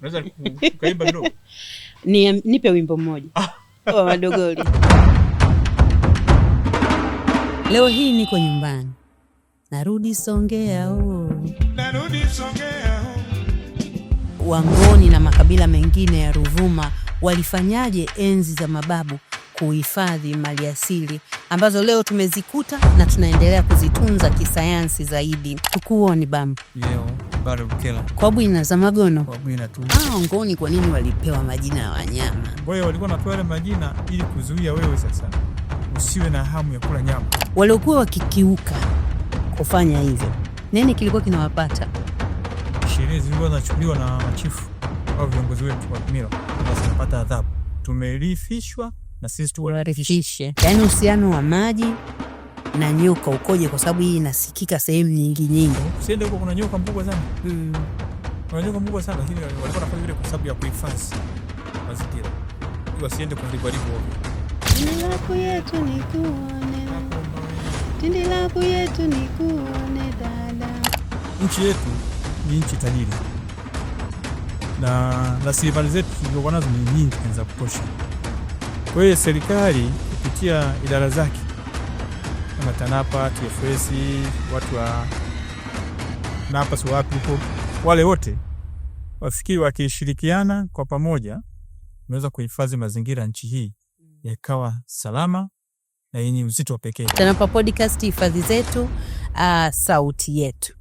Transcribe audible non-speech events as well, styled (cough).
kidogo? (laughs) Ni, nipe wimbo mmoja wa ah. Madogoli. (laughs) Oh, leo hii niko nyumbani, narudi Songea oh. narudi Songea oh. Wangoni na makabila mengine ya Ruvuma walifanyaje enzi za mababu kuhifadhi mali asili ambazo leo tumezikuta na tunaendelea kuzitunza kisayansi zaidi. Tukuoni bam kwa Kwabwina za Magono. Kwabwina tu ah, ngoni. Kwa nini walipewa majina ya wanyama? Kwa hiyo walikuwa wanapewa yale majina ili kuzuia wewe sasa usiwe na hamu ya kula nyama. Waliokuwa wakikiuka kufanya hivyo, nini kilikuwa kinawapata? Sherehe zilikuwa zinachukuliwa na machifu au viongozi wetu wa kimila, tunapata adhabu. Tumerithishwa na sisi tuwarithishwe, yaani uhusiano wa maji na nyoka ukoje? Kwa sababu hii inasikika sehemu nyingi nyingi. siende huko, kuna nyoka mkubwa sana. Mm. Kuna nyoka mkubwa sana, lakini walikuwa nafanya vile kwa sababu ya kuhifadhi mazingira. wasiende kuharibu haribu ovyo. Tindi lako yetu ni kuone. Tindi lako yetu ni kuone dada. Nchi yetu ni nchi tajiri na rasilimali zetu tulizokuwa nazo ni nyingi za kutosha. Kwa hiyo serikali kupitia idara zake kama TANAPA, TFS, watu wa NAPA si wapi huko, wale wote wafikiri wakishirikiana kwa pamoja, unaweza kuhifadhi mazingira nchi hii yakawa salama na yenye uzito wa pekee. TANAPA Podcast, hifadhi zetu, uh, sauti yetu.